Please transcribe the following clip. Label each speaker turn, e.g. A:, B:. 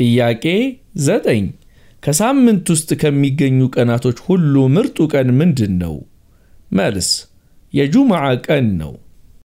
A: ጥያቄ 9 ከሳምንት ውስጥ ከሚገኙ ቀናቶች ሁሉ ምርጡ ቀን ምንድን ነው? መልስ የጁምዓ ቀን ነው።